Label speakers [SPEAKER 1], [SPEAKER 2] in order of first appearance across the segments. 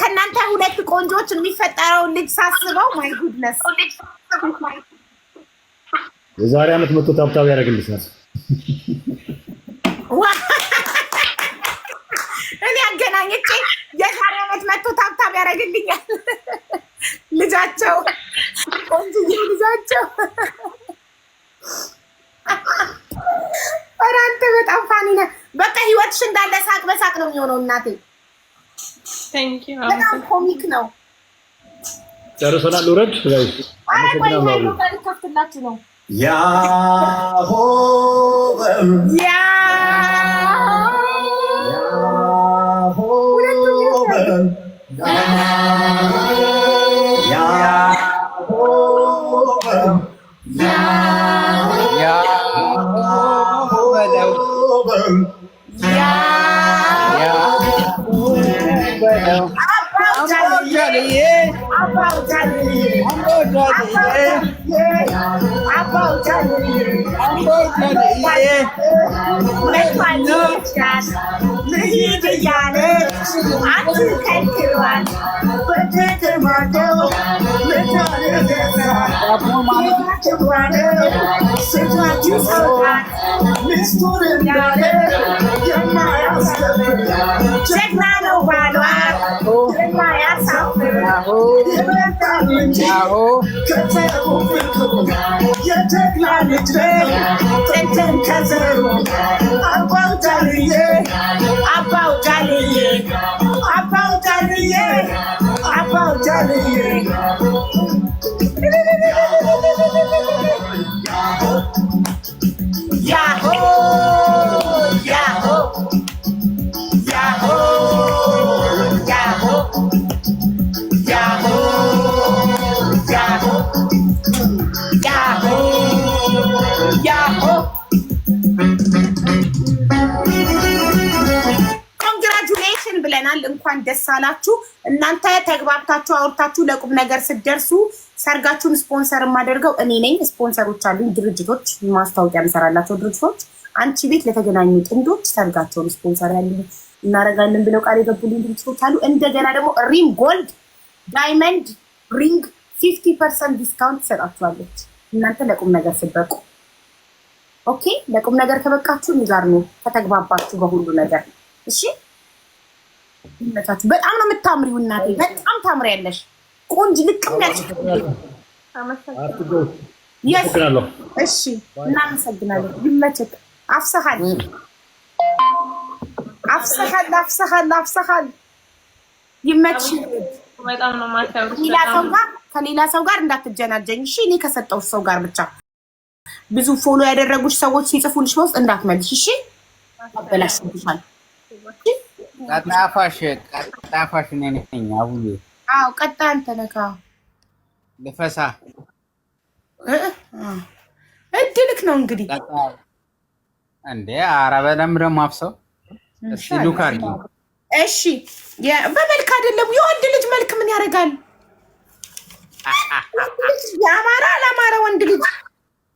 [SPEAKER 1] ከእናንተ ሁለት ቆንጆች የሚፈጠረውን ልጅ ሳስበው ማይ ጉድነስ
[SPEAKER 2] የዛሬ ዓመት መቶ ታብታብ ያደርግልሻል።
[SPEAKER 1] እኔ አገናኘቼ የዛሬ ዓመት መቶ ታብታብ ያደርግልኛል። ልጃቸው ቆንጅዬ ልጃቸው ኧረ አንተ በጣም ፋኒ ነህ። በቃ ህይወትሽ እንዳለ ሳቅ በሳቅ ነው የሚሆነው። እናቴ በጣም ኮሚክ ነው።
[SPEAKER 2] ጨርሰናል። ውረድ
[SPEAKER 1] ከፍትላችሁ ነው
[SPEAKER 2] ያሆ
[SPEAKER 1] அப்பா உச்சாரியே
[SPEAKER 2] அம்போ உச்சாரியே
[SPEAKER 1] அப்பா உச்சாரியே
[SPEAKER 2] அம்போ உச்சாரியே
[SPEAKER 1] மெய்ப்பானு நெய்யானே ஆற்று கைக்கிருவான் பெற்றேற்ற மாட்டோம் மெட்டாரு மாட்டுவானே செல்வாச்சு சொல்வான் மிஸ்தூருந்தானே எம்மாயா செக்னானோ வாழ்வான் எம்மாயா about ካላችሁ እናንተ ተግባብታችሁ አውርታችሁ ለቁም ነገር ስደርሱ ሰርጋችሁን ስፖንሰር የማደርገው እኔ ነኝ። ስፖንሰሮች አሉኝ፣ ድርጅቶች፣ ማስታወቂያ የምሰራላቸው ድርጅቶች አንቺ ቤት ለተገናኙ ጥንዶች ሰርጋቸውን ስፖንሰር ያሉ እናደርጋለን ብለው ቃል የገቡልኝ ድርጅቶች አሉ። እንደገና ደግሞ ሪም ጎልድ ዳይመንድ ሪንግ ፊፍቲ ፐርሰንት ዲስካውንት ትሰጣችኋለች እናንተ ለቁም ነገር ስበቁ ኦኬ፣ ለቁም ነገር ከበቃችሁ ጋር ነው ከተግባባችሁ በሁሉ ነገር እሺ። ይመቻችሁ። በጣም ነው የምታምሪው እናቴ፣ በጣም ታምሪ ያለሽ ቆንጅ ልቅም ያለሽ። እሺ፣ እናመሰግናለን። ይመችህ። አፍሰሃል፣ አፍሰሃል፣ አፍሰሃል፣ አፍሰሃል። ይመችሽ።
[SPEAKER 3] ከሌላ
[SPEAKER 1] ሰው ጋር ከሌላ ሰው ጋር እንዳትጀናጀኝ እሺ። እኔ ከሰጠው ሰው ጋር ብቻ ብዙ ፎሎ ያደረጉሽ ሰዎች ሲጽፉልሽ በውስጥ እንዳትመልሽ እሺ። አበላሽብሻል።
[SPEAKER 2] ቀጣፋሽ ቀጣፋሽ እኔ ነኝ። አቡዬ
[SPEAKER 1] አዎ፣ ቀጣ አንተ ነህ። ልፈሳ እድልክ ነው እንግዲህ
[SPEAKER 2] እንዴ። ኧረ በደምብ ደግሞ አፍሰው እስኪ ዱካ
[SPEAKER 1] እሺ። በመልክ አይደለም የወንድ ልጅ መልክ ምን ያደርጋል? የአማራ አላማራ ወንድ ልጅ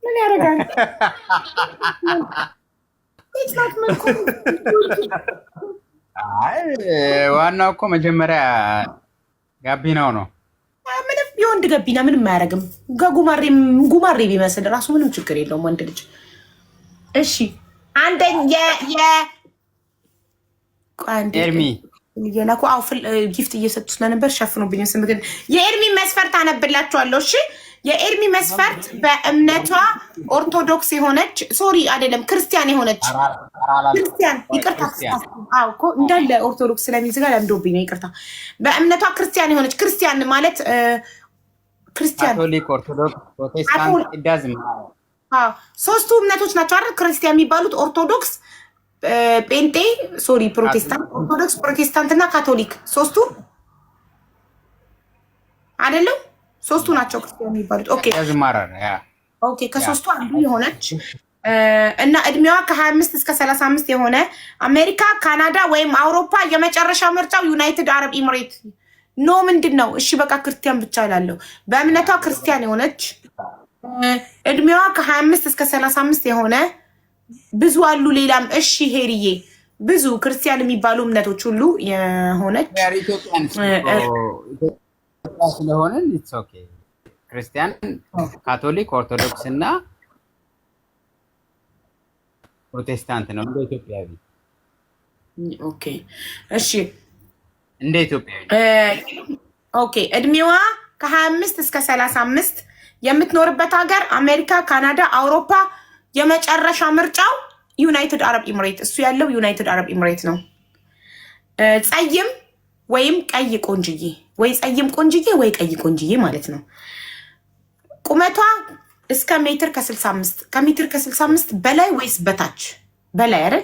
[SPEAKER 1] ምን ያደርጋል?
[SPEAKER 2] ዋናው እኮ መጀመሪያ ጋቢናው ነው።
[SPEAKER 1] ምንም የወንድ ጋቢና ምንም አያደርግም። ጉማሬ ቢመስል ራሱ ምንም ችግር የለውም ወንድ ልጅ። እሺ አንደኛ የኤርሚ ጊፍት እየሰጡ ስለነበር ሸፍኑብኝ። ስምግን የኤርሚ መስፈርት አነብላችኋለሁ። እሺ የኤርሚ መስፈርት በእምነቷ ኦርቶዶክስ የሆነች ሶሪ አይደለም ክርስቲያን የሆነች ክርስቲያን፣ ይቅርታ እኮ እንዳለ ኦርቶዶክስ ስለሚል ዝጋ ለምዶብኝ ነው። ይቅርታ በእምነቷ ክርስቲያን የሆነች ክርስቲያን ማለት ክርስቲያን፣
[SPEAKER 2] ካቶሊክ፣ ኦርቶዶክስ፣ ፕሮቴስታንት ዳዝም
[SPEAKER 1] ሶስቱ እምነቶች ናቸው አይደል? ክርስቲያን የሚባሉት ኦርቶዶክስ፣ ጴንጤ፣ ሶሪ ፕሮቴስታንት፣ ኦርቶዶክስ፣ ፕሮቴስታንት እና ካቶሊክ ሶስቱ አይደለም ሶስቱ ናቸው ክርስቲያን የሚባሉት። ኦኬ ከሶስቱ አንዱ የሆነች እና እድሜዋ ከ25 እስከ 35 የሆነ አሜሪካ፣ ካናዳ ወይም አውሮፓ የመጨረሻ ምርጫው ዩናይትድ አረብ ኤምሬት ኖ ምንድን ነው? እሺ በቃ ክርስቲያን ብቻ እላለሁ። በእምነቷ ክርስቲያን የሆነች እድሜዋ ከ25 እስከ 35 የሆነ ብዙ አሉ። ሌላም እሺ ሄርዬ ብዙ ክርስቲያን የሚባሉ እምነቶች ሁሉ የሆነች
[SPEAKER 2] ስለሆንን ኢትስ ኦኬ። ክርስቲያን፣ ካቶሊክ፣ ኦርቶዶክስ እና ፕሮቴስታንት ነው እንደ ኢትዮጵያዊ።
[SPEAKER 1] ኦኬ እሺ፣ እንደ ኢትዮጵያዊ ኦኬ። እድሜዋ ከሀያ አምስት እስከ ሰላሳ አምስት የምትኖርበት ሀገር አሜሪካ፣ ካናዳ፣ አውሮፓ። የመጨረሻ ምርጫው ዩናይትድ አረብ ኢምሬት፣ እሱ ያለው ዩናይትድ አረብ ኢምሬት ነው። ጸይም ወይም ቀይ ቆንጅዬ ወይ ፀይም ቆንጅዬ ወይ ቀይ ቆንጅዬ ማለት ነው። ቁመቷ እስከ ሜትር ከ65 ከሜትር ከ65 በላይ ወይስ በታች? በላይ አይደል?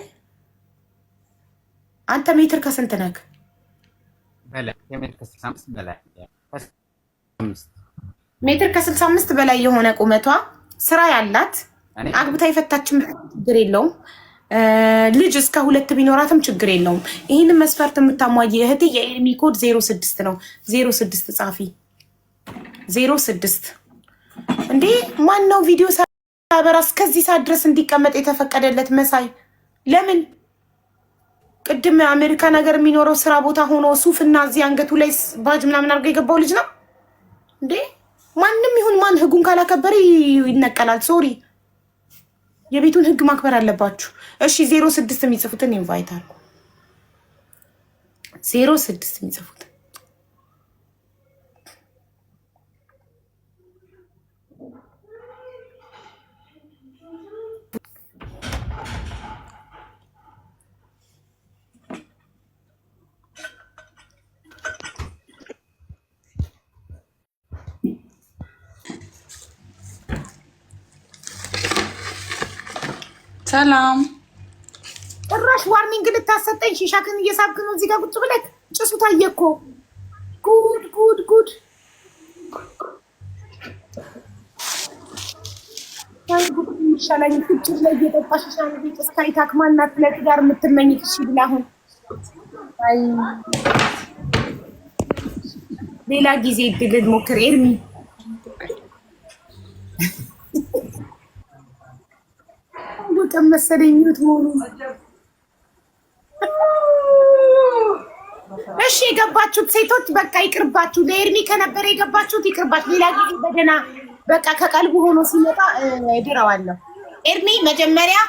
[SPEAKER 1] አንተ ሜትር ከስንት ነክ? ሜትር ከ65 በላይ የሆነ ቁመቷ ስራ ያላት አግብታ የፈታችን ችግር የለውም። ልጅ እስከ ሁለት ቢኖራትም ችግር የለውም። ይህን መስፈርት የምታሟየ እህቴ የኤድሚ ኮድ ዜሮ ስድስት ነው። ዜሮ ስድስት ጻፊ። ዜሮ ስድስት እንዴ! ማን ነው ቪዲዮ ሳበራ እስከዚህ ሰዓት ድረስ እንዲቀመጥ የተፈቀደለት? መሳይ ለምን ቅድም አሜሪካ ነገር የሚኖረው ስራ ቦታ ሆኖ ሱፍ እና እዚህ አንገቱ ላይ ባጅ ምናምን አድርገው የገባው ልጅ ነው እንዴ? ማንም ይሁን ማን ህጉን ካላከበረ ይነቀላል። ሶሪ የቤቱን ህግ ማክበር አለባችሁ። እሺ ዜሮ ስድስት የሚጽፉትን ኢንቫይት አርጉ። ዜሮ ስድስት የሚጽፉትን ሰላም ጭራሽ ዋርኒንግ ልታሰጠኝ ሺሻክን እየሳብክ ነው እዚህ ጋር ቁጭ ብለህ ጭሱ ታየ እኮ ጉድ ጉድ ጉድ ይሻላል ፍጭ ላይ እየጠጣሽ ሻል ጭስ ታይታክ ማናት ለትዳር የምትመኝ ትሽ ብላ አሁን ሌላ ጊዜ ድልን ሞክር ኤርሚ ቀን መሰለኝ ሚውት መሆኑ። እሺ የገባችሁት ሴቶች በቃ ይቅርባችሁ። ለኤርሚ ከነበረ የገባችሁት ይቅርባችሁ። ሌላ ጊዜ በደህና በቃ ከቀልቡ ሆኖ ሲመጣ እድረዋለሁ። ኤርሚ መጀመሪያ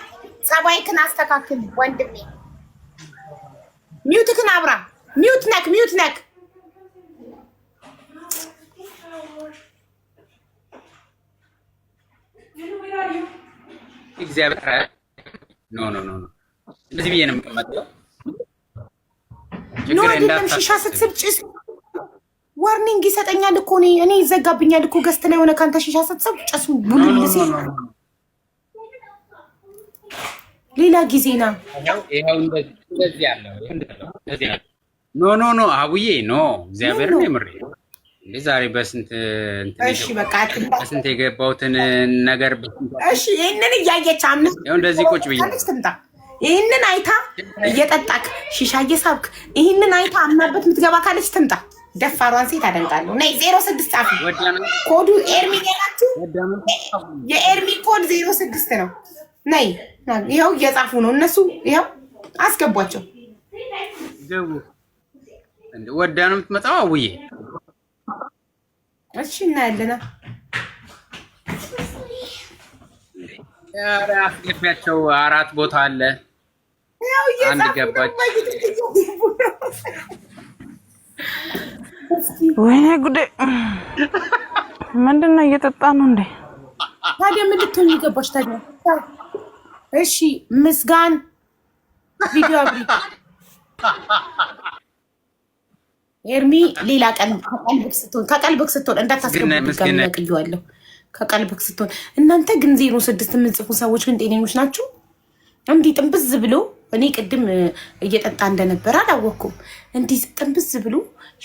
[SPEAKER 1] ጸባይክን አስተካክል ወንድሜ። ሚውትክን አብራ ሚውት ነክ ሚውት ነክ እግዚአብሔር ኖ ኖ ኖ እንደዚህ ብዬ ነው የምመጣው። ኖ አይደለም ሺሻ ስትስብ ጭስ ዋርኒንግ ይሰጠኛል እኮ እኔ እኔ ይዘጋብኛል እኮ ገስት ላይ ሆነ ከአንተ ሺሻ ስትስብ ጭሱ ቡልል ሲል ሌላ ጊዜ ና ኖ ኖ ኖ አቡዬ ኖ እግዚአብሔርን የምሬ ዛሬ በስንት እሺ በቃ በስንት የገባሁትን ነገር እሺ፣ ይህንን እያየች አምስት እንደዚህ ቁጭ ብዬ ትምጣ። ይህንን አይታ እየጠጣክ ሺሻ እየሳብክ ይህንን አይታ አምናበት የምትገባ ካለች ትምጣ። ደፋሯን ሴት አደንቃለሁ። ነይ ዜሮ ስድስት ጻፊ። ኮዱ ኤርሚ ገናችሁ የኤርሚ ኮድ ዜሮ ስድስት ነው። ነይ ይኸው እየጻፉ ነው እነሱ። ይኸው አስገቧቸው። ወዳ ነው የምትመጣው አውዬ እሺ እናያለና አራት ቦታ አለ። አንድ ገባች። ወይኔ ጉዴ! ምንድን ነው እየጠጣ ነው እንዴ? ታዲያ ምን ገባች? ታዲያ እሺ ምስጋን ቪዲዮ አብሪ ኤርሚ ሌላ ቀን ከቀልብክ ስትሆን እንዳታስገብቅያለሁ። ከቀልብክ ስትሆን እናንተ ግን ዜሮ ስድስት የምጽፉ ሰዎች ግን ጤነኞች ናችሁ? እንዲህ ጥንብዝ ብሎ እኔ ቅድም እየጠጣ እንደነበረ አላወቅኩም። እንዲህ ጥንብዝ ብሎ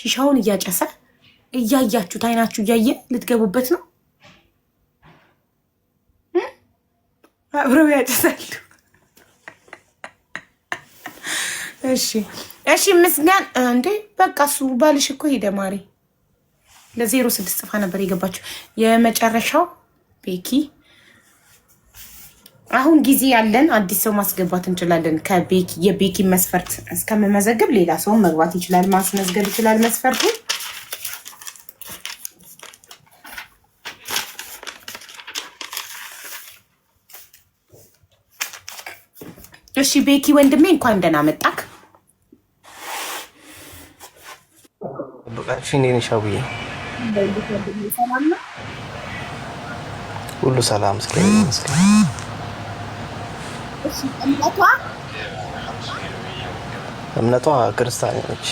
[SPEAKER 1] ሺሻውን እያጨሰ እያያችሁት አይናችሁ እያየ ልትገቡበት ነው። አብረው ያጨሳሉ። እሺ እሺ ምስጋን እንዴ በቃ እሱ ባልሽ እኮ ሄደ። ማሪ ለዜሮ ስድስት ጽፋ ነበር የገባችው። የመጨረሻው ቤኪ አሁን ጊዜ ያለን አዲስ ሰው ማስገባት እንችላለን። ከቤኪ የቤኪ መስፈርት እስከምመዘግብ ሌላ ሰው መግባት ይችላል፣ ማስመዝገብ ይችላል መስፈርቱ እሺ ቤኪ ወንድሜ እንኳን ደህና መጣክ። አመጣሽ? እንዴት ነሽ አቡዬ? ሁሉ ሰላም እስከዚህ መስከረ እምነቷ ክርስቲያን ነች።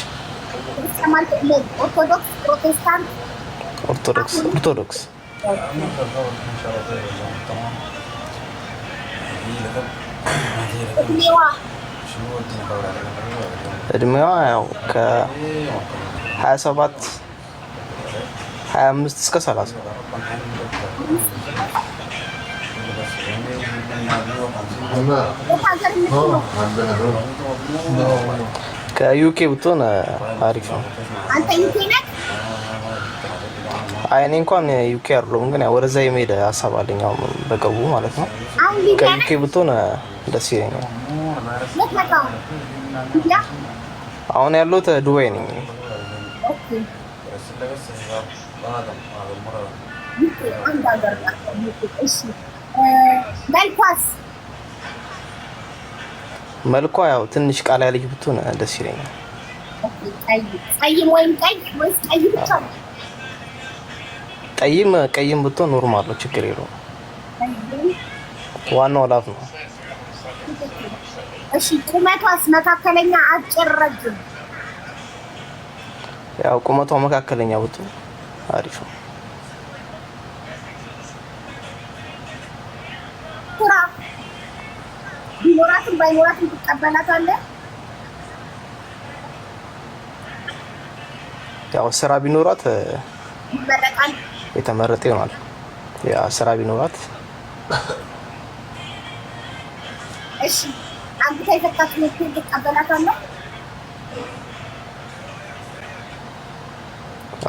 [SPEAKER 1] ኦርቶዶክስ ኦርቶዶክስ እድሜዋ ያው ከ 27 25 እስከ 30 ከዩኬ ብትሆን አሪፍ ነው። አይ እኔ እንኳን ዩኬ አይደለሁም፣ ግን ወደዛ የመሄድ ሀሳብ አለኝ አሁን በቅርቡ ማለት ነው። ከዩኬ ብትሆን ደስ ይለኛል። አሁን ያለሁት ዱባይ ነኝ። መልኳ ያው ትንሽ ቃላ ልጅ ብትሆን eh, ደስ ይለኛል። ቀይም ቀይም ብትሆን ኖርማል ነው፣ ችግር የለውም። ዋናው ላፍ ነው። እሺ ቁመቷስ መካከለኛ፣ አጭር፣ ረጅም ያው ቁመቷ መካከለኛ ወጡ አሪፍ ነው። ቢኖራትም ባይኖራትም ትቀበላታለህ? ያው ስራ ቢኖራት ይመረጣል፣ የተመረጠ ይሆናል። ያ ስራ ቢኖራት እሺ። አንተ የፈታችሁት ትቀበላታለህ?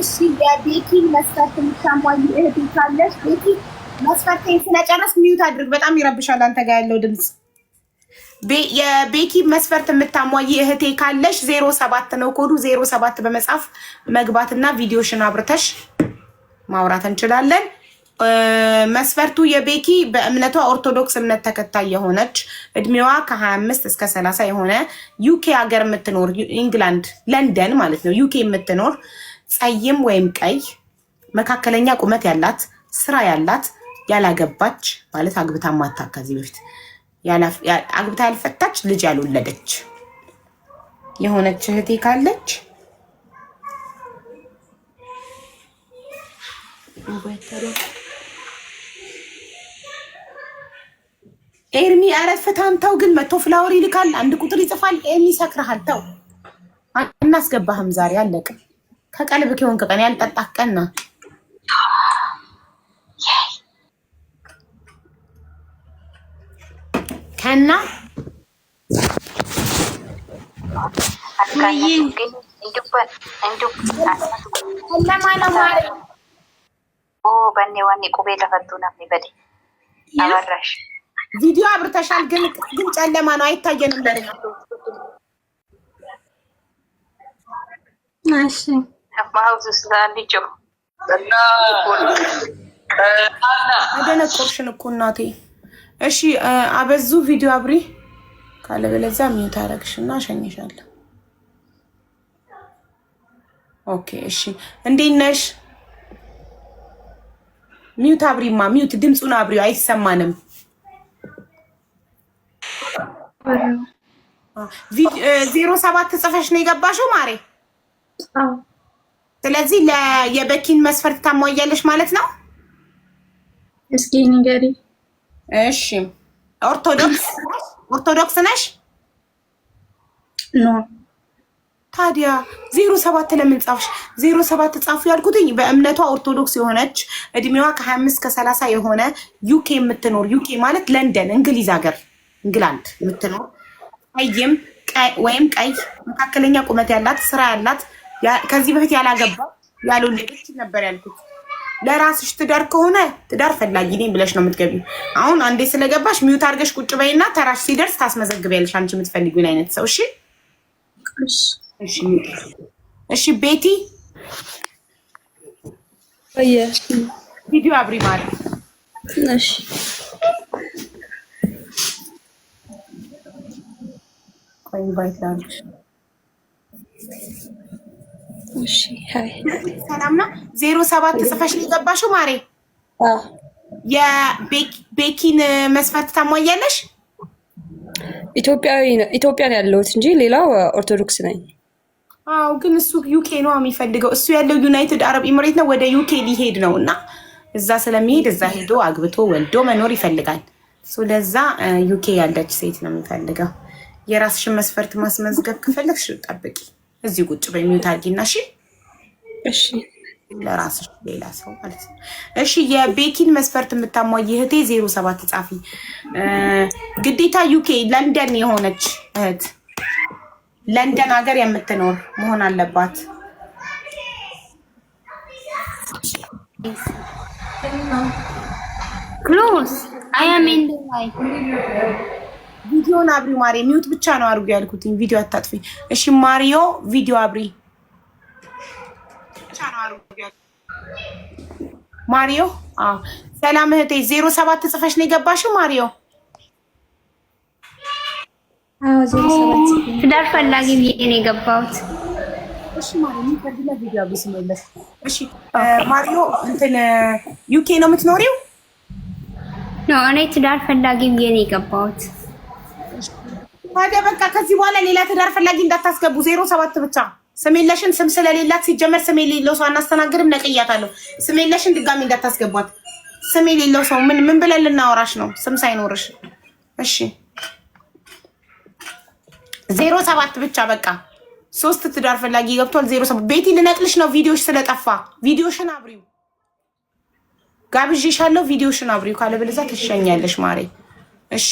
[SPEAKER 1] እሺ የቤኪን መስፈርት የምታሟል እህት ካለሽ ቤኪ መስፈርት ስለጨረስ ሚዩት አድርግ። በጣም ይረብሻል አንተ ጋር ያለው ድምፅ። የቤኪ መስፈርት የምታሟይ እህቴ ካለሽ ዜሮ ሰባት ነው ኮዱ። ዜሮ ሰባት በመጻፍ መግባትና ቪዲዮሽን አብርተሽ ማውራት እንችላለን። መስፈርቱ የቤኪ በእምነቷ ኦርቶዶክስ እምነት ተከታይ የሆነች እድሜዋ ከ25 እስከ 30 የሆነ ዩኬ ሀገር የምትኖር ኢንግላንድ፣ ለንደን ማለት ነው ዩኬ የምትኖር ጸይም ወይም ቀይ፣ መካከለኛ ቁመት ያላት፣ ስራ ያላት፣ ያላገባች ማለት አግብታ ማታ ከዚህ በፊት አግብታ ያልፈታች ልጅ ያልወለደች የሆነች እህቴ ካለች ኤርሚ አረፍታን ተው። ግን መቶ ፍላወር ይልካል፣ አንድ ቁጥር ይጽፋል። ኤርሚ ይሰክርሃል። ተው፣ ዛሬ አለቅም። ከቀልብ ከሆንክ ቀን ያልጠጣህ ቀን ነው። ከና በኔ ዋኔ ቁቤ ተፈቱ ነፍኒ በዴ አበራሽ ቪዲዮ አብርተሻል፣ ግን ግን ጨለማ ነው አይታየንም። አደነቆርሽን እኮ እናቴ። እሺ አበዙ ቪዲዮ አብሪ፣ ካለበለዚያ ሚዩት አደረግሽና እሸኝሻለሁ። ኦኬ እሺ፣ እንዴት ነሽ? ሚዩት አብሪማ፣ ሚዩት ድምፁን አብሪው፣ አይሰማንም። ዜሮ ሰባት ጽፈሽ ነው የገባሽው ማሬ? ስለዚህ የበኪን መስፈርት ታሟያለሽ ማለት ነው። እስኪ ንገሪ። እሺ ኦርቶዶክስ ኦርቶዶክስ ነሽ? ኖ። ታዲያ ዜሮ ሰባት ለምን ጻፍሽ? ዜሮ ሰባት ጻፉ ያልኩትኝ በእምነቷ ኦርቶዶክስ የሆነች እድሜዋ ከሀያ አምስት ከሰላሳ የሆነ ዩኬ የምትኖር ዩኬ ማለት ለንደን እንግሊዝ ሀገር እንግላንድ የምትኖር ቀይም ወይም ቀይ መካከለኛ ቁመት ያላት ስራ ያላት ከዚህ በፊት ያላገባ ያልወለደች ነበር ያልኩት። ለራስሽ ትዳር ከሆነ ትዳር ፈላጊ ነኝ ብለሽ ነው የምትገቢ። አሁን አንዴ ስለገባሽ ሚዩት አድርገሽ ቁጭ በይና ተራሽ ሲደርስ ታስመዘግቢያለሽ። አንቺ የምትፈልጊውን አይነት ሰው እሺ። እሺ ቤቲ ቪዲዮ አብሪ ማለት እሺ ሰላም ነው። ዜሮ ሰባት ጽፈሽ ነው ማሬ? የቤኪን መስፈርት ታሟያለሽ? ኢትዮጵያን ያለሁት እንጂ ሌላው ኦርቶዶክስ ነኝ። አዎ ግን እሱ ዩኬ ነው የሚፈልገው። እሱ ያለው ዩናይትድ አረብ ኤምሬት ነው። ወደ ዩኬ ሊሄድ ነው እና እዛ ስለሚሄድ እዛ ሄዶ አግብቶ ወልዶ መኖር ይፈልጋል። ለዛ ዩኬ ያለች ሴት ነው የሚፈልገው። የራስሽን መስፈርት ማስመዝገብ ከፈለግሽ ጠብቂ። እዚህ ቁጭ በሚዩት አድርጊና እሺ፣ እሺ ለራስሽ ሌላ ሰው ማለት ነው። እሺ የቤኪን መስፈርት የምታሟይ እህቴ ዜሮ ሰባት ጻፊ ግዴታ። ዩኬ ለንደን የሆነች እህት ለንደን ሀገር የምትኖር መሆን አለባት። ክሎዝ አያሜን ቪዲዮን አብሪ ማሪ። ሚውት ብቻ ነው አድርጉ ያልኩትኝ። ቪዲዮ አታጥፊ እሺ። ማሪዮ ቪዲዮ አብሪ ማሪዮ። ሰላም እህቴ። ዜሮ ሰባት ጽፈሽ ነው የገባሽው ማሪዮ? ዜሮ ሰባት ትዳር ፈላጊ ብዬ ነው የገባሁት። ማሪዮ እንትን ዩኬ ነው የምትኖሪው? እኔ ትዳር ፈላጊ ብዬ ነው የገባሁት። ታዲያ በቃ ከዚህ በኋላ ሌላ ትዳር ፈላጊ እንዳታስገቡ። ዜሮ ሰባት ብቻ። ስም የለሽን ስም ስለሌላት ሲጀመር ስም የሌለው ሰው አናስተናግድም። ነቅያታለሁ። ስም የለሽን ድጋሚ እንዳታስገቧት። ስም የሌለው ሰው ምን ምን ብለን ልናወራሽ ነው? ስም ሳይኖርሽ እሺ። ዜሮ ሰባት ብቻ በቃ። ሶስት ትዳር ፈላጊ ገብቷል። ዜሮ ሰባት ቤቲ ልነቅልሽ ነው። ቪዲዮሽ ስለጠፋ ቪዲዮሽን አብሪው ጋብዥሻለሁ። ቪዲዮሽን አብሪው ካለበለዚያ ትሸኛለሽ ማሬ። እሺ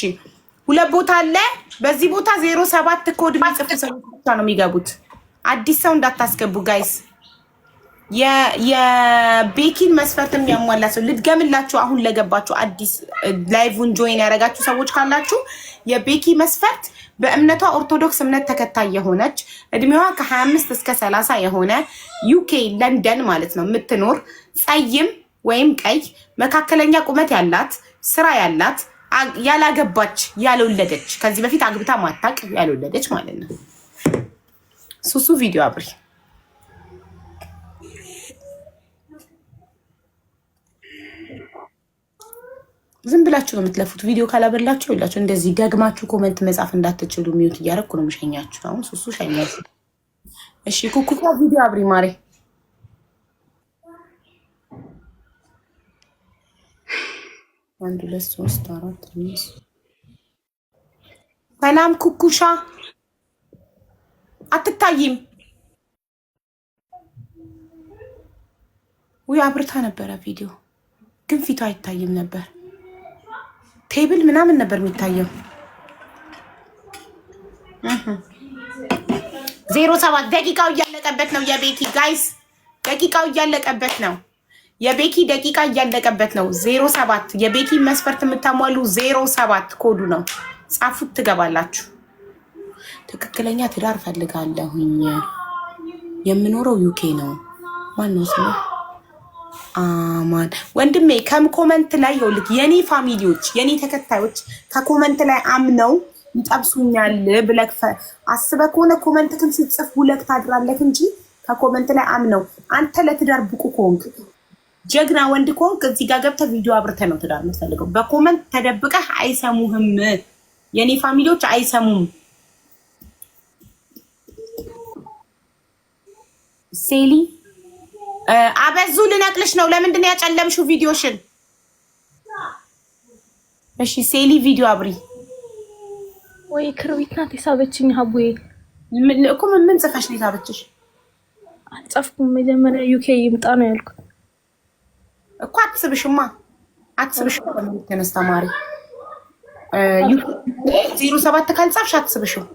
[SPEAKER 1] ሁለት ቦታ አለ። በዚህ ቦታ ዜሮ ሰባት ኮድ የሚጽፉ ሰዎች ብቻ ነው የሚገቡት። አዲስ ሰው እንዳታስገቡ ጋይስ። የቤኪን መስፈርትም የሚያሟላ ሰው ልድገምላችሁ። አሁን ለገባችሁ አዲስ ላይቭን ጆይን ያደረጋችሁ ሰዎች ካላችሁ የቤኪ መስፈርት በእምነቷ ኦርቶዶክስ እምነት ተከታይ የሆነች እድሜዋ ከ25 እስከ 30 የሆነ ዩኬ ለንደን ማለት ነው የምትኖር ጸይም ወይም ቀይ መካከለኛ ቁመት ያላት ስራ ያላት ያላገባች ያልወለደች፣ ከዚህ በፊት አግብታ ማታቅ ያልወለደች ማለት ነው። ሱሱ ቪዲዮ አብሪ ዝም ብላችሁ ነው የምትለፉት። ቪዲዮ ካላበላችሁ ይላችሁ እንደዚህ ደግማችሁ ኮመንት መጻፍ እንዳትችሉ ሚዩት እያደረኩ ነው የምሸኛችሁ። አሁን ሱሱ ሸኛችሁ። እሺ ኩኩ ቪዲዮ አብሪ ማሬ አንድ ሁለት ሶስት አራት አምስት። ሰላም ኩኩሻ አትታይም። ውይ አብርታ ነበረ ቪዲዮ ግን ፊቷ አይታይም ነበር። ቴብል ምናምን ነበር የሚታየው። ዜሮ ሰባት ደቂቃው እያለቀበት ነው። የቤቲ ጋይስ ደቂቃው እያለቀበት ነው። የቤኪ ደቂቃ እያለቀበት ነው። ዜሮ ሰባት የቤኪ መስፈርት የምታሟሉ ዜሮ ሰባት ኮዱ ነው። ጻፉት ትገባላችሁ። ትክክለኛ ትዳር ፈልጋለሁኝ። የምኖረው ዩኬ ነው። ማነው ስሙ? አማን ወንድሜ ከኮመንት ላይ የውልክ የኔ ፋሚሊዎች የኔ ተከታዮች ከኮመንት ላይ አምነው ይጠብሱኛል ብለክ አስበ ከሆነ ኮመንት ክን ስትጽፍ ውለህ ታድራለክ እንጂ ከኮመንት ላይ አምነው አንተ ለትዳር ብቁ ከሆንክ ጀግና ወንድ ከሆንክ እዚህ ጋር ገብተህ ቪዲዮ አብርተህ ነው ትዳር የምትፈልገው። በኮመንት ተደብቀህ አይሰሙህም። የእኔ ፋሚሊዎች አይሰሙም። ሴሊ አበዙ ልነቅልሽ ነው። ለምንድን ነው ያጨለምሽው ቪዲዮሽን? እሺ ሴሊ ቪዲዮ አብሪ። ወይ ክርቢት ናት የሳበችኝ። ሀቡዬ ምን ጽፈሽ ነው የሳበችሽ? አልጻፍኩም። መጀመሪያ ዩኬ ይምጣ ነው ያልኩት። እኮ አትስብሽማ፣ አትስብሽማ ተነስ ዜሮ ሰባት ካልጻፍሽ አትስብሽም።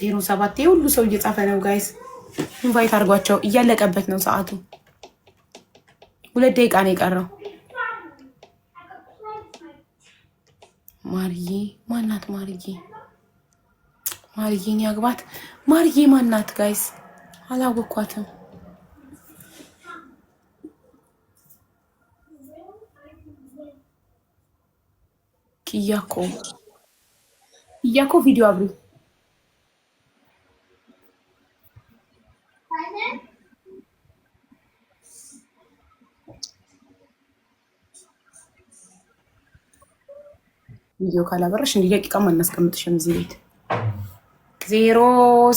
[SPEAKER 1] ዜሮ ሰባት የሁሉ ሰው እየጻፈ ነው ጋይስ። ኢንቫይት አድርጓቸው። እያለቀበት ነው ሰዓቱ። ሁለት ደቂቃ ነው የቀረው። ማርዬ ማናት? ማርዬ ማርዬን ያግባት። ማርዬ ማናት? ጋይስ አላወኳትም። ኪያኮ ኪያኮ ቪዲዮ አብሪ ቪዲዮ ካላበራሽ እንዲ ደቂቃ አናስቀምጥሽም እዚህ ቤት። ዜሮ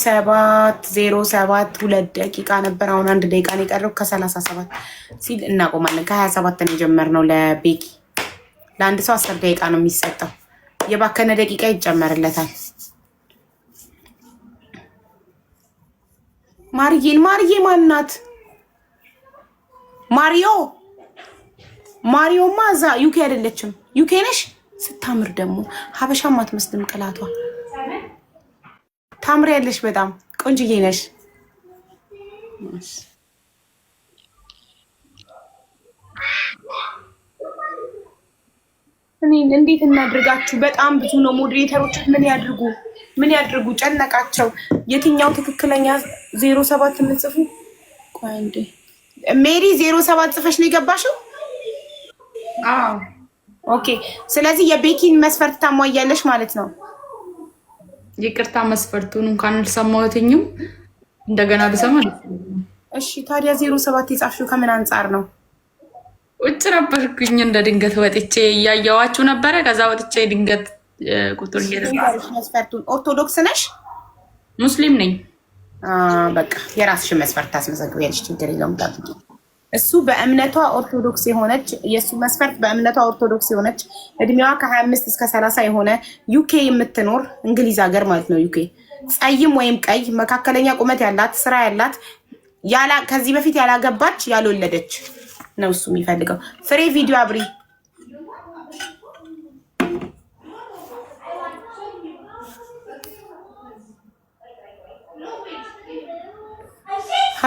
[SPEAKER 1] ሰባት ዜሮ ሰባት ሁለት ደቂቃ ነበር። አሁን አንድ ደቂቃ ነው የቀረው። ከሰላሳ ሰባት ሲል እናቆማለን። ከሀያ ሰባት ነው የጀመርነው። ለቤኪ ለአንድ ሰው አስር ደቂቃ ነው የሚሰጠው። የባከነ ደቂቃ ይጨመርለታል። ማርዬን ማርዬ ማናት? ማሪዮ ማሪዮማ እዛ ዩኬ አይደለችም። ዩኬ ነሽ? ስታምር ደግሞ ሀበሻ ማትመስልም ቅላቷ ታምር ያለሽ በጣም ቆንጅዬ ነሽ። እኔን እንዴት እናድርጋችሁ? በጣም ብዙ ነው። ሞዴሬተሮች ምን ያድርጉ? ምን ያድርጉ? ጨነቃቸው። የትኛው ትክክለኛ ዜሮ ሰባት ምጽፉ? ሜሪ ዜሮ ሰባት ጽፈሽ ነው የገባሽው? አዎ ኦኬ። ስለዚህ የቤኪን መስፈርት ታሟያለሽ ማለት ነው። ይቅርታ መስፈርቱን እንኳን አልሰማሁትኝም። እንደገና ብሰማ። እሺ ታዲያ ዜሮ ሰባት የጻፍሽው ከምን አንጻር ነው? ውጭ ነበርኩኝ እንደ ድንገት ወጥቼ እያየዋችሁ ነበረ። ከዛ ወጥቼ ድንገት ቁጥር መስፈርቱን። ኦርቶዶክስ ነሽ? ሙስሊም ነኝ። በቃ የራስሽን መስፈርት ታስመዘግቢያለሽ። ችግር የለውም። እሱ በእምነቷ ኦርቶዶክስ የሆነች የእሱ መስፈርት በእምነቷ ኦርቶዶክስ የሆነች እድሜዋ ከ25 እስከ 30 የሆነ ዩኬ የምትኖር እንግሊዝ ሀገር ማለት ነው ዩኬ ጸይም ወይም ቀይ መካከለኛ ቁመት ያላት ስራ ያላት ከዚህ በፊት ያላገባች ያልወለደች ነው እሱ የሚፈልገው። ፍሬ ቪዲዮ አብሬ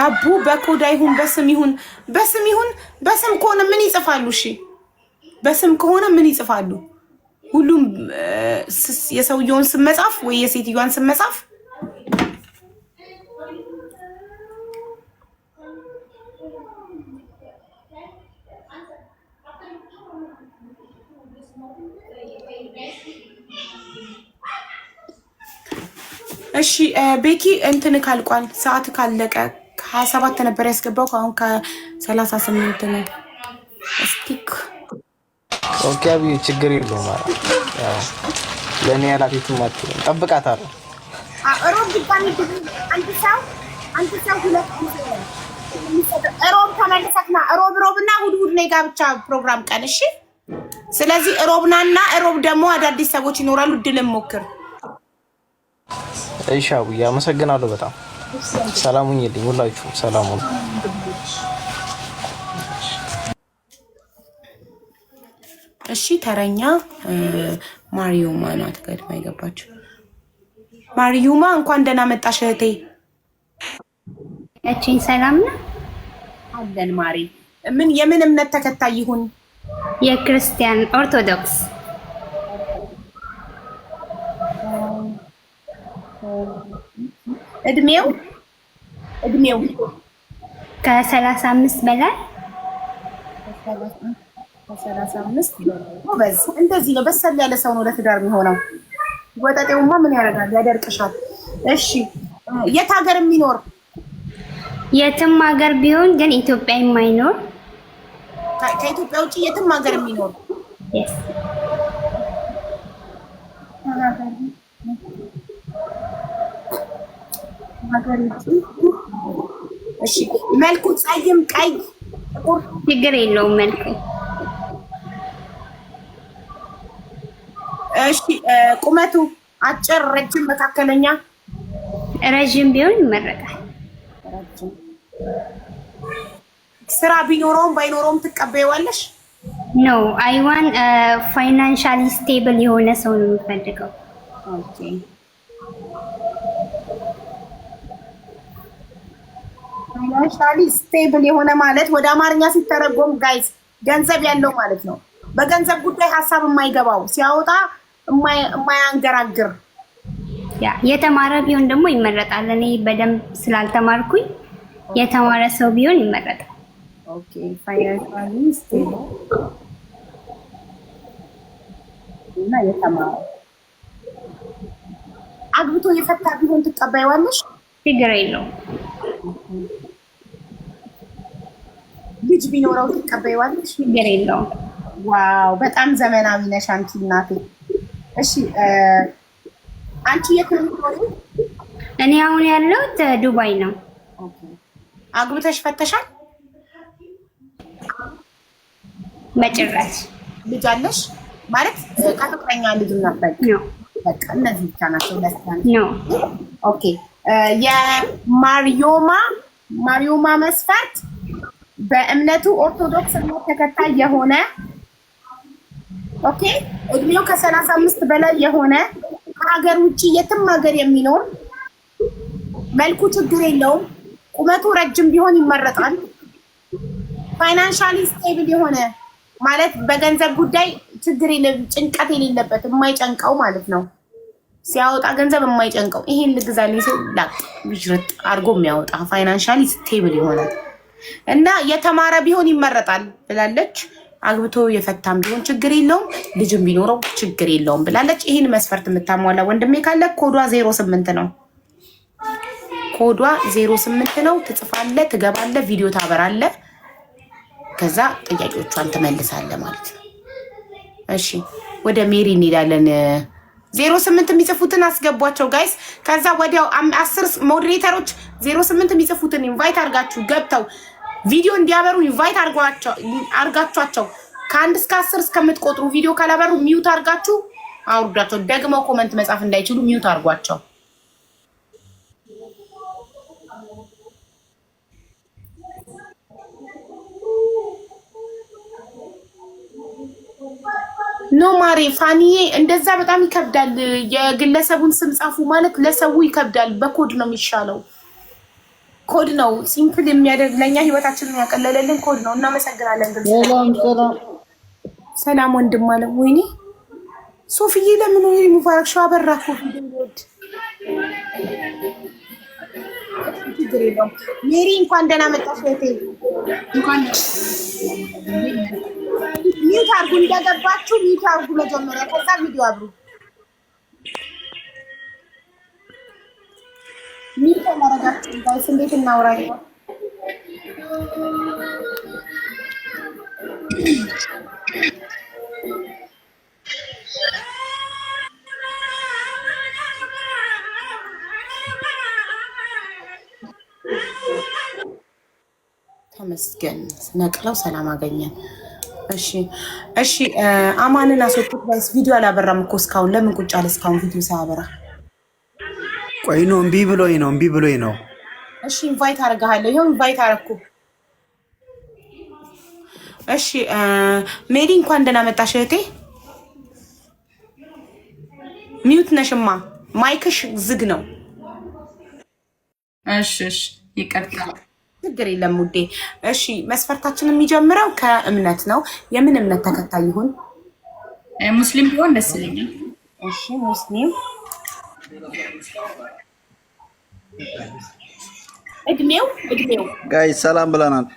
[SPEAKER 1] አቡ በኮዳ ይሁን በስም ይሁን በስም ይሁን በስም ከሆነ ምን ይጽፋሉ? እሺ በስም ከሆነ ምን ይጽፋሉ? ሁሉም የሰውየውን ስም መጻፍ ወይ የሴትዮዋን ስም መጻፍ እሺ ቤኪ እንትን ካልቋል፣ ሰዓት ካለቀ ሀያ ሰባት ነበር ያስገባው ከአሁን ከሰላሳ ስምንት ነው። ስቲክ ኦኬ አብዬ ችግር የለውም። ለእኔ ያላፊቱም ጠብቃት አለ ሮብ ተመልሰትና ሮብ ሮብ እና እሑድ እሑድ ነው የጋብቻ ፕሮግራም ቀን። እሺ ስለዚህ ሮብ እና ሮብ ደግሞ አዳዲስ ሰዎች ይኖራሉ። ድልም ሞክር። እሺ አብዬ አመሰግናለሁ በጣም ሰላሙኝ የለኝ ሁላችሁም ሰላሙ እሺ ተረኛ ማሪዩማ ናት። ገድማ የገባችው ማሪዩማ እንኳን ደህና መጣሽ እህቴ። ያቺን ሰላም ነው አለን። ማሪ ምን የምን እምነት ተከታይ ይሁን? የክርስቲያን ኦርቶዶክስ። እድሜው እድሜው ከሰላሳ አምስት በላይ ከሰላሳ እንደዚህ ነው። በሰል ያለ ሰው ነው ለትዳር የሚሆነው። ወጠጤውማ ምን ያደርጋል? ያደርቅሻል። እሺ፣ የት ሀገር የሚኖር የትም ሀገር ቢሆን ግን ኢትዮጵያ የማይኖር ከኢትዮጵያ ውጭ የትም ሀገር የሚኖር እሺ፣ መልኩ ፀይም፣ ቀይ፣ ጥቁር ችግር የለውም መልኩ። እሺ፣ ቁመቱ አጭር፣ ረጅም፣ መካከለኛ? ረጅም ቢሆን ይመረጣል። ስራ ቢኖረውም ባይኖረውም ትቀበይዋለሽ? ኖ አይዋን ፋይናንሻሊ ስቴብል የሆነ ሰው ነው የምፈልገው። ኦኬ ፋይናንሻሊ ስቴብል የሆነ ማለት ወደ አማርኛ ሲተረጎም ጋይዝ ገንዘብ ያለው ማለት ነው። በገንዘብ ጉዳይ ሀሳብ የማይገባው ሲያወጣ የማያንገራግር የተማረ ቢሆን ደግሞ ይመረጣል። እኔ በደንብ ስላልተማርኩኝ የተማረ ሰው ቢሆን ይመረጣል። እና የተማረ አግብቶ የፈታ ቢሆን ትቀባይዋለሽ፣ ችግር የለውም። ልጅ ቢኖረው ትቀበይዋለሽ? ችግር የለውም። ዋው በጣም ዘመናዊ ነሽ አንቺ እናቴ። እሺ አንቺ የት ነው? እኔ አሁን ያለሁት ዱባይ ነው። አግብተሽ ፈተሻል? በጭራሽ። ልጅ አለሽ ማለት ከፍቅረኛ ልጅ ነበር? በቃ እነዚህ ብቻ ናቸው። ኦኬ የማሪዮማ ማሪዮማ መስፈርት በእምነቱ ኦርቶዶክስ እምነት ተከታይ የሆነ ኦኬ፣ እድሜው ከሰላሳ አምስት በላይ የሆነ ከሀገር ውጭ የትም ሀገር የሚኖር መልኩ ችግር የለውም፣ ቁመቱ ረጅም ቢሆን ይመረጣል። ፋይናንሻሊ ስቴብል የሆነ ማለት በገንዘብ ጉዳይ ችግር የለም፣ ጭንቀት የሌለበት የማይጨንቀው ማለት ነው። ሲያወጣ ገንዘብ የማይጨንቀው ይሄን ልግዛ ሲል ላቅ ብዥርጥ አድርጎ የሚያወጣ ፋይናንሻሊ ስቴብል የሆነ እና የተማረ ቢሆን ይመረጣል ብላለች። አግብቶ የፈታም ቢሆን ችግር የለውም፣ ልጅም ቢኖረው ችግር የለውም ብላለች። ይህን መስፈርት የምታሟላ ወንድሜ ካለ ኮዷ ዜሮ ስምንት ነው። ኮዷ ዜሮ ስምንት ነው። ትጽፋለ፣ ትገባለ፣ ቪዲዮ ታበራለ፣ ከዛ ጥያቄዎቿን ትመልሳለ ማለት ነው። እሺ ወደ ሜሪ እንሄዳለን። ዜሮ ስምንት የሚጽፉትን አስገቧቸው ጋይስ። ከዛ ወዲያው አስር ሞዴሬተሮች ዜሮ ስምንት የሚጽፉትን ኢንቫይት አርጋችሁ ገብተው ቪዲዮ እንዲያበሩ ኢንቫይት አርጋችኋቸው ከአንድ እስከ አስር እስከምትቆጥሩ ቪዲዮ ካላበሩ ሚዩት አርጋችሁ አውርዷቸው። ደግመው ኮመንት መጻፍ እንዳይችሉ ሚዩት አርጓቸው። ኖ ማሬ ፋኒዬ፣ እንደዛ በጣም ይከብዳል። የግለሰቡን ስም ጻፉ ማለት ለሰው ይከብዳል። በኮድ ነው የሚሻለው። ኮድ ነው ሲምፕል የሚያደርግ ለእኛ ህይወታችንን ያቀለለልን ኮድ ነው። እናመሰግናለን። ሰላም ወንድም አለ። ወይኔ ሶፍዬ፣ ለምን ሙባረክ ሸው አበራ ኮድ ችግር የለውም። ሜሪ እንኳን ደህና መጣሽ። ቤቴ እንኳን ሚውት አርጉ፣ እንደገባችሁ ሚውት አርጉ መጀመሪያ፣ ከዛ ቪዲዮ አብሩ። ሚውት አላረጋችሁ ጋይስ፣ እንዴት እናውራ? ተመስገን ነቅለው ሰላም አገኘን። እሺ እሺ፣ አማንን አስወጡት። ጋይስ ቪዲዮ አላበራም እኮ እስካሁን። ለምን ቁጭ አለ እስካሁን ቪዲዮ ሳያበራ? ቆይ ነው እምቢ ብሎኝ ነው እምቢ ብሎኝ ነው። እሺ ኢንቫይት አደርግሃለሁ። ይኸው ኢንቫይት አደረኩ። እሺ ሜሪ እንኳን ደህና መጣሽ እህቴ። ሚውት ነሽማ፣ ማይክሽ ዝግ ነው። እሺ እሺ፣ ይቀጥላል ችግር የለም ውዴ። እሺ መስፈርታችን የሚጀምረው ከእምነት ነው። የምን እምነት ተከታይ ይሁን? ሙስሊም ቢሆን ደስ ይለኛል። እሺ ሙስሊም። እድሜው እድሜው ጋይ ሰላም ብለናል።